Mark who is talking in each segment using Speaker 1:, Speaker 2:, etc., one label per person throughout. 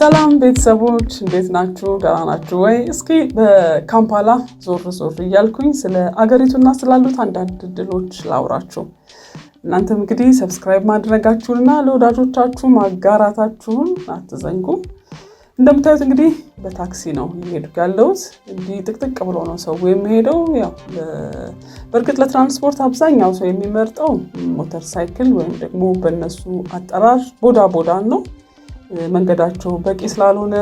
Speaker 1: ሰላም ቤተሰቦች እንዴት ናችሁ? ደህና ናችሁ ወይ? እስኪ በካምፓላ ዞር ዞር እያልኩኝ ስለ አገሪቱና ስላሉት አንዳንድ ድሎች ላውራችሁ። እናንተም እንግዲህ ሰብስክራይብ ማድረጋችሁንና ለወዳጆቻችሁ ማጋራታችሁን አትዘንጉ። እንደምታዩት እንግዲህ በታክሲ ነው እየሄዱ ያለሁት። እንዲህ ጥቅጥቅ ብሎ ነው ሰው የሚሄደው። ያው በእርግጥ ለትራንስፖርት አብዛኛው ሰው የሚመርጠው ሞተር ሳይክል ወይም ደግሞ በእነሱ አጠራር ቦዳ ቦዳን ነው መንገዳቸው በቂ ስላልሆነ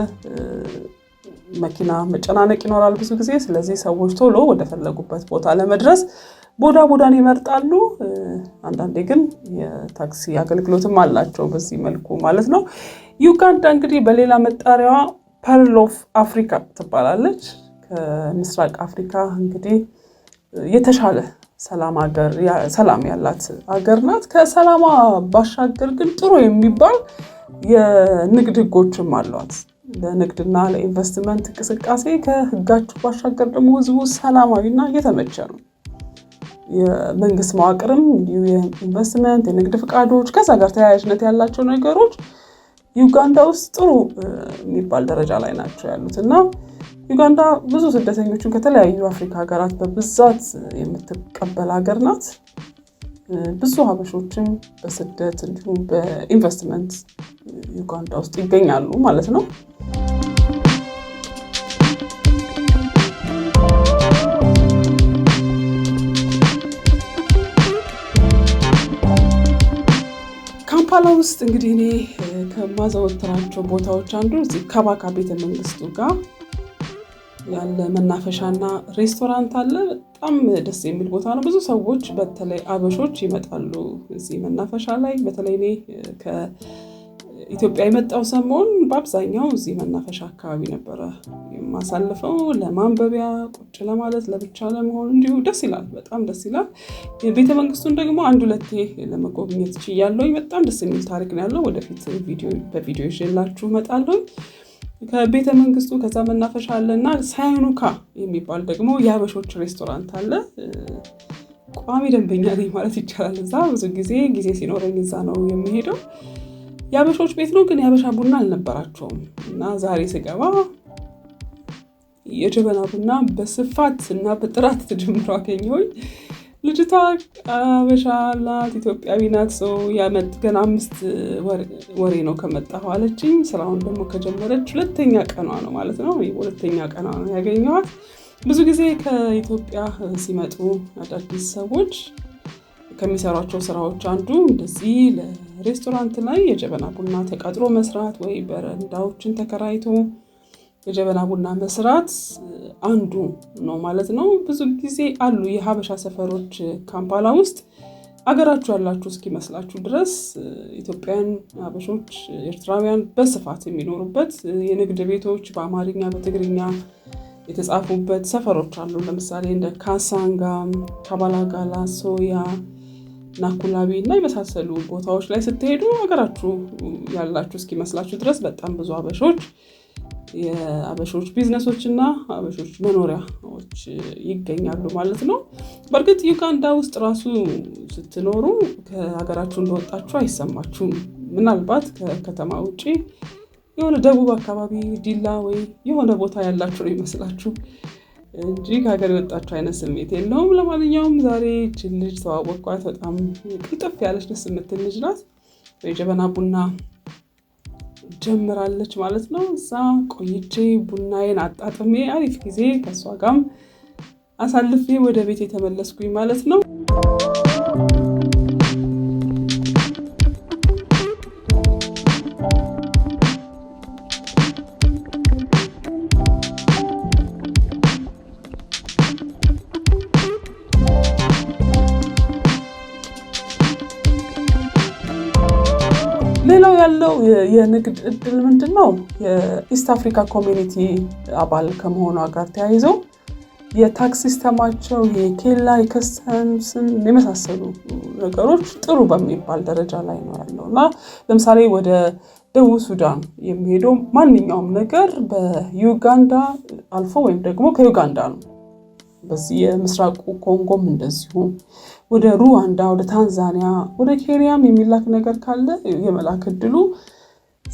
Speaker 1: መኪና መጨናነቅ ይኖራል ብዙ ጊዜ። ስለዚህ ሰዎች ቶሎ ወደፈለጉበት ቦታ ለመድረስ ቦዳ ቦዳን ይመርጣሉ። አንዳንዴ ግን የታክሲ አገልግሎትም አላቸው በዚህ መልኩ ማለት ነው። ዩጋንዳ እንግዲህ በሌላ መጣሪያዋ ፐርል ኦፍ አፍሪካ ትባላለች። ከምስራቅ አፍሪካ እንግዲህ የተሻለ ሰላም ያላት ሀገር ናት። ከሰላማ ባሻገር ግን ጥሩ የሚባል የንግድ ህጎችም አሏት። ለንግድና ለኢንቨስትመንት እንቅስቃሴ ከህጋችሁ ባሻገር ደግሞ ህዝቡ ሰላማዊና እየተመቸ ነው። የመንግስት መዋቅርም እንዲሁ የኢንቨስትመንት የንግድ ፈቃዶች፣ ከዛ ጋር ተያያዥነት ያላቸው ነገሮች ዩጋንዳ ውስጥ ጥሩ የሚባል ደረጃ ላይ ናቸው ያሉት እና ዩጋንዳ ብዙ ስደተኞችን ከተለያዩ አፍሪካ ሀገራት በብዛት የምትቀበል ሀገር ናት። ብዙ ሀበሾችን በስደት እንዲሁም በኢንቨስትመንት ዩጋንዳ ውስጥ ይገኛሉ ማለት ነው። ካምፓላ ውስጥ እንግዲህ እኔ ከማዘወትራቸው ቦታዎች አንዱ እዚህ ከባካ ቤተ መንግስቱ ጋር ያለ መናፈሻና ሬስቶራንት አለ። በጣም ደስ የሚል ቦታ ነው። ብዙ ሰዎች በተለይ አበሾች ይመጣሉ እዚህ መናፈሻ ላይ። በተለይ እኔ ከኢትዮጵያ የመጣው ሰሞን በአብዛኛው እዚህ መናፈሻ አካባቢ ነበረ የማሳልፈው ለማንበቢያ ቁጭ ለማለት ለብቻ ለመሆን እንዲሁ ደስ ይላል፣ በጣም ደስ ይላል። ቤተ መንግስቱን ደግሞ አንድ ሁለቴ ለመጎብኘት ችያለሁኝ። በጣም ደስ የሚል ታሪክ ነው ያለው። ወደፊት በቪዲዮ ይዤላችሁ እመጣለሁ። ከቤተ መንግስቱ ከዛ መናፈሻ አለ እና ሳይኑካ የሚባል ደግሞ የአበሾች ሬስቶራንት አለ። ቋሚ ደንበኛ ነኝ ማለት ይቻላል። እዛ ብዙ ጊዜ ጊዜ ሲኖረኝ እዛ ነው የሚሄደው። የአበሾች ቤት ነው፣ ግን የሀበሻ ቡና አልነበራቸውም እና ዛሬ ስገባ የጀበና ቡና በስፋት እና በጥራት ተጀምሮ አገኘሁኝ። ልጅቷ አበሻ አላት ኢትዮጵያዊ ናት። ሰው ያመት ገና አምስት ወሬ ነው ከመጣሁ አለችኝ። ስራውን ደግሞ ከጀመረች ሁለተኛ ቀኗ ነው ማለት ነው። ሁለተኛ ቀኗ ነው ያገኘኋት። ብዙ ጊዜ ከኢትዮጵያ ሲመጡ አዳዲስ ሰዎች ከሚሰሯቸው ስራዎች አንዱ እንደዚህ ለሬስቶራንት ላይ የጀበና ቡና ተቀጥሮ መስራት ወይ በረንዳዎችን ተከራይቶ የጀበና ቡና መስራት አንዱ ነው ማለት ነው። ብዙ ጊዜ አሉ የሀበሻ ሰፈሮች ካምፓላ ውስጥ አገራችሁ ያላችሁ እስኪመስላችሁ ድረስ ኢትዮጵያን፣ ሀበሾች፣ ኤርትራውያን በስፋት የሚኖሩበት የንግድ ቤቶች በአማርኛ በትግርኛ የተጻፉበት ሰፈሮች አሉ። ለምሳሌ እንደ ካሳንጋ፣ ካባላጋላ፣ ሶያ፣ ናኩላቢ እና የመሳሰሉ ቦታዎች ላይ ስትሄዱ አገራችሁ ያላችሁ እስኪመስላችሁ ድረስ በጣም ብዙ ሀበሾች የአበሾች ቢዝነሶች እና አበሾች መኖሪያዎች ይገኛሉ ማለት ነው። በእርግጥ ዩጋንዳ ውስጥ ራሱ ስትኖሩ ከሀገራችሁ እንደወጣችሁ አይሰማችሁም። ምናልባት ከከተማ ውጭ የሆነ ደቡብ አካባቢ ዲላ ወይ የሆነ ቦታ ያላችሁ ነው ይመስላችሁ እንጂ ከሀገር የወጣችሁ አይነት ስሜት የለውም። ለማንኛውም ዛሬ ችን ልጅ ተዋወቅኳት። በጣም ቅልጥፍ ያለች ደስ የምትል ልጅ ናት። ቡና ጀምራለች ማለት ነው። እዛ ቆይቼ ቡናዬን አጣጥሜ አሪፍ ጊዜ ከእሷ ጋርም አሳልፌ ወደ ቤት የተመለስኩኝ ማለት ነው። ሌላው ያለው የንግድ እድል ምንድን ነው? የኢስት አፍሪካ ኮሚኒቲ አባል ከመሆኗ ጋር ተያይዘው የታክስ ሲስተማቸው የኬላ የከስተምስን የመሳሰሉ ነገሮች ጥሩ በሚባል ደረጃ ላይ ነው ያለው እና ለምሳሌ ወደ ደቡብ ሱዳን የሚሄደው ማንኛውም ነገር በዩጋንዳ አልፎ ወይም ደግሞ ከዩጋንዳ ነው በዚህ የምስራቁ ኮንጎም እንደዚሁ ወደ ሩዋንዳ፣ ወደ ታንዛኒያ፣ ወደ ኬንያም የሚላክ ነገር ካለ የመላክ እድሉ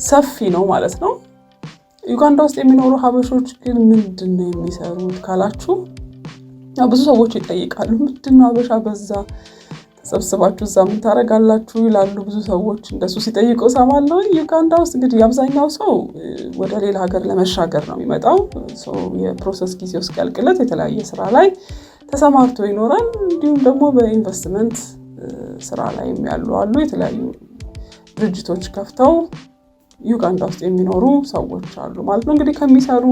Speaker 1: ሰፊ ነው ማለት ነው። ዩጋንዳ ውስጥ የሚኖሩ ሀበሾች ግን ምንድን ነው የሚሰሩት ካላችሁ፣ ብዙ ሰዎች ይጠይቃሉ። ምንድን ነው ሀበሻ በዛ ሰብስባችሁ እዛ ምን ታደርጋላችሁ ይላሉ ብዙ ሰዎች። እንደሱ ሲጠይቁ እሰማለሁ። ዩጋንዳ ውስጥ እንግዲህ አብዛኛው ሰው ወደ ሌላ ሀገር ለመሻገር ነው የሚመጣው። የፕሮሰስ ጊዜ ውስጥ ያልቅለት የተለያየ ስራ ላይ ተሰማርቶ ይኖራል። እንዲሁም ደግሞ በኢንቨስትመንት ስራ ላይም ያሉ አሉ። የተለያዩ ድርጅቶች ከፍተው ዩጋንዳ ውስጥ የሚኖሩ ሰዎች አሉ ማለት ነው። እንግዲህ ከሚሰሩ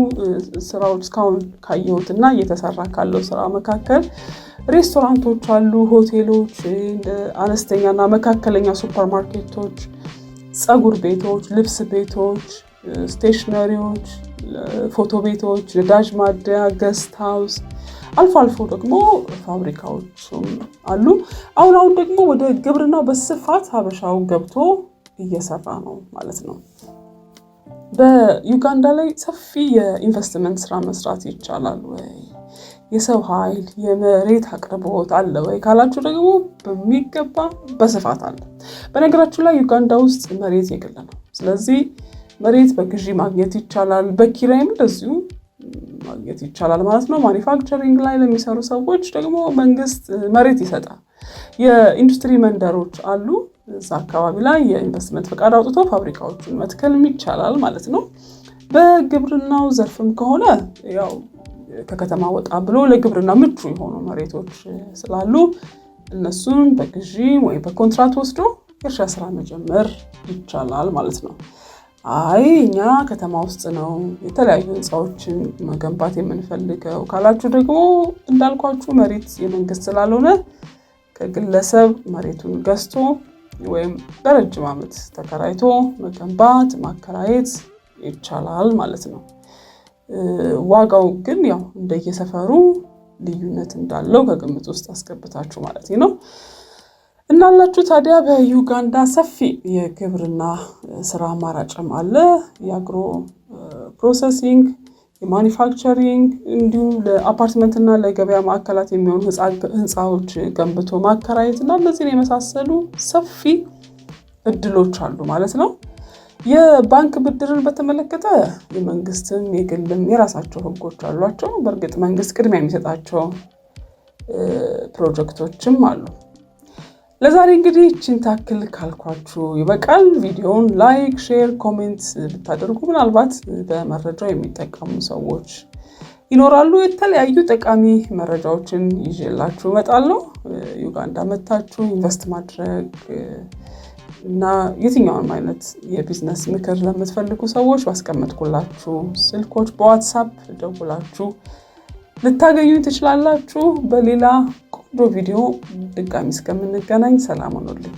Speaker 1: ስራዎች እስካሁን ካየሁት እና እየተሰራ ካለው ስራ መካከል ሬስቶራንቶች አሉ፣ ሆቴሎች፣ አነስተኛና መካከለኛ ሱፐርማርኬቶች፣ ፀጉር ቤቶች፣ ልብስ ቤቶች፣ ስቴሽነሪዎች፣ ፎቶ ቤቶች፣ ነዳጅ ማደያ፣ ገስት ሃውስ፣ አልፎ አልፎ ደግሞ ፋብሪካዎችም አሉ። አሁን አሁን ደግሞ ወደ ግብርናው በስፋት ሀበሻው ገብቶ እየሰራ ነው ማለት ነው። በዩጋንዳ ላይ ሰፊ የኢንቨስትመንት ስራ መስራት ይቻላል ወይ? የሰው ኃይል፣ የመሬት አቅርቦት አለ ወይ ካላችሁ ደግሞ በሚገባ በስፋት አለ። በነገራችሁ ላይ ዩጋንዳ ውስጥ መሬት የግል ነው። ስለዚህ መሬት በግዢ ማግኘት ይቻላል፣ በኪራይም እንደዚሁ ማግኘት ይቻላል ማለት ነው። ማኒፋክቸሪንግ ላይ ለሚሰሩ ሰዎች ደግሞ መንግስት መሬት ይሰጣል። የኢንዱስትሪ መንደሮች አሉ። እዛ አካባቢ ላይ የኢንቨስትመንት ፈቃድ አውጥቶ ፋብሪካዎቹን መትከልም ይቻላል ማለት ነው። በግብርናው ዘርፍም ከሆነ ያው ከከተማ ወጣ ብሎ ለግብርና ምቹ የሆኑ መሬቶች ስላሉ እነሱን በግዢ ወይም በኮንትራት ወስዶ የእርሻ ስራ መጀመር ይቻላል ማለት ነው። አይ እኛ ከተማ ውስጥ ነው የተለያዩ ህንፃዎችን መገንባት የምንፈልገው ካላችሁ ደግሞ እንዳልኳችሁ መሬት የመንግስት ስላልሆነ ከግለሰብ መሬቱን ገዝቶ ወይም በረጅም ዓመት ተከራይቶ መገንባት ማከራየት ይቻላል ማለት ነው። ዋጋው ግን ያው እንደየሰፈሩ ልዩነት እንዳለው ከግምት ውስጥ አስገብታችሁ ማለት ነው እናላችሁ። ታዲያ በዩጋንዳ ሰፊ የግብርና ስራ አማራጭም አለ። የአግሮ ፕሮሰሲንግ፣ የማኒፋክቸሪንግ እንዲሁም ለአፓርትመንትና ለገበያ ማዕከላት የሚሆኑ ህንፃዎች ገንብቶ ማከራየት እና እነዚህን የመሳሰሉ ሰፊ እድሎች አሉ ማለት ነው። የባንክ ብድርን በተመለከተ የመንግስትም የግልም የራሳቸው ህጎች አሏቸው። በእርግጥ መንግስት ቅድሚያ የሚሰጣቸው ፕሮጀክቶችም አሉ። ለዛሬ እንግዲህ ይችን ታክል ካልኳችሁ ይበቃል። ቪዲዮውን ላይክ፣ ሼር፣ ኮሜንት ብታደርጉ ምናልባት በመረጃው የሚጠቀሙ ሰዎች ይኖራሉ። የተለያዩ ጠቃሚ መረጃዎችን ይዤላችሁ እመጣለሁ። ዩጋንዳ መታችሁ ኢንቨስት ማድረግ እና የትኛውንም አይነት የቢዝነስ ምክር ለምትፈልጉ ሰዎች ባስቀመጥኩላችሁ ስልኮች በዋትሳፕ ደውላችሁ ልታገኙ ትችላላችሁ። በሌላ ቆንጆ ቪዲዮ ድጋሚ እስከምንገናኝ ሰላም ሆኖልኝ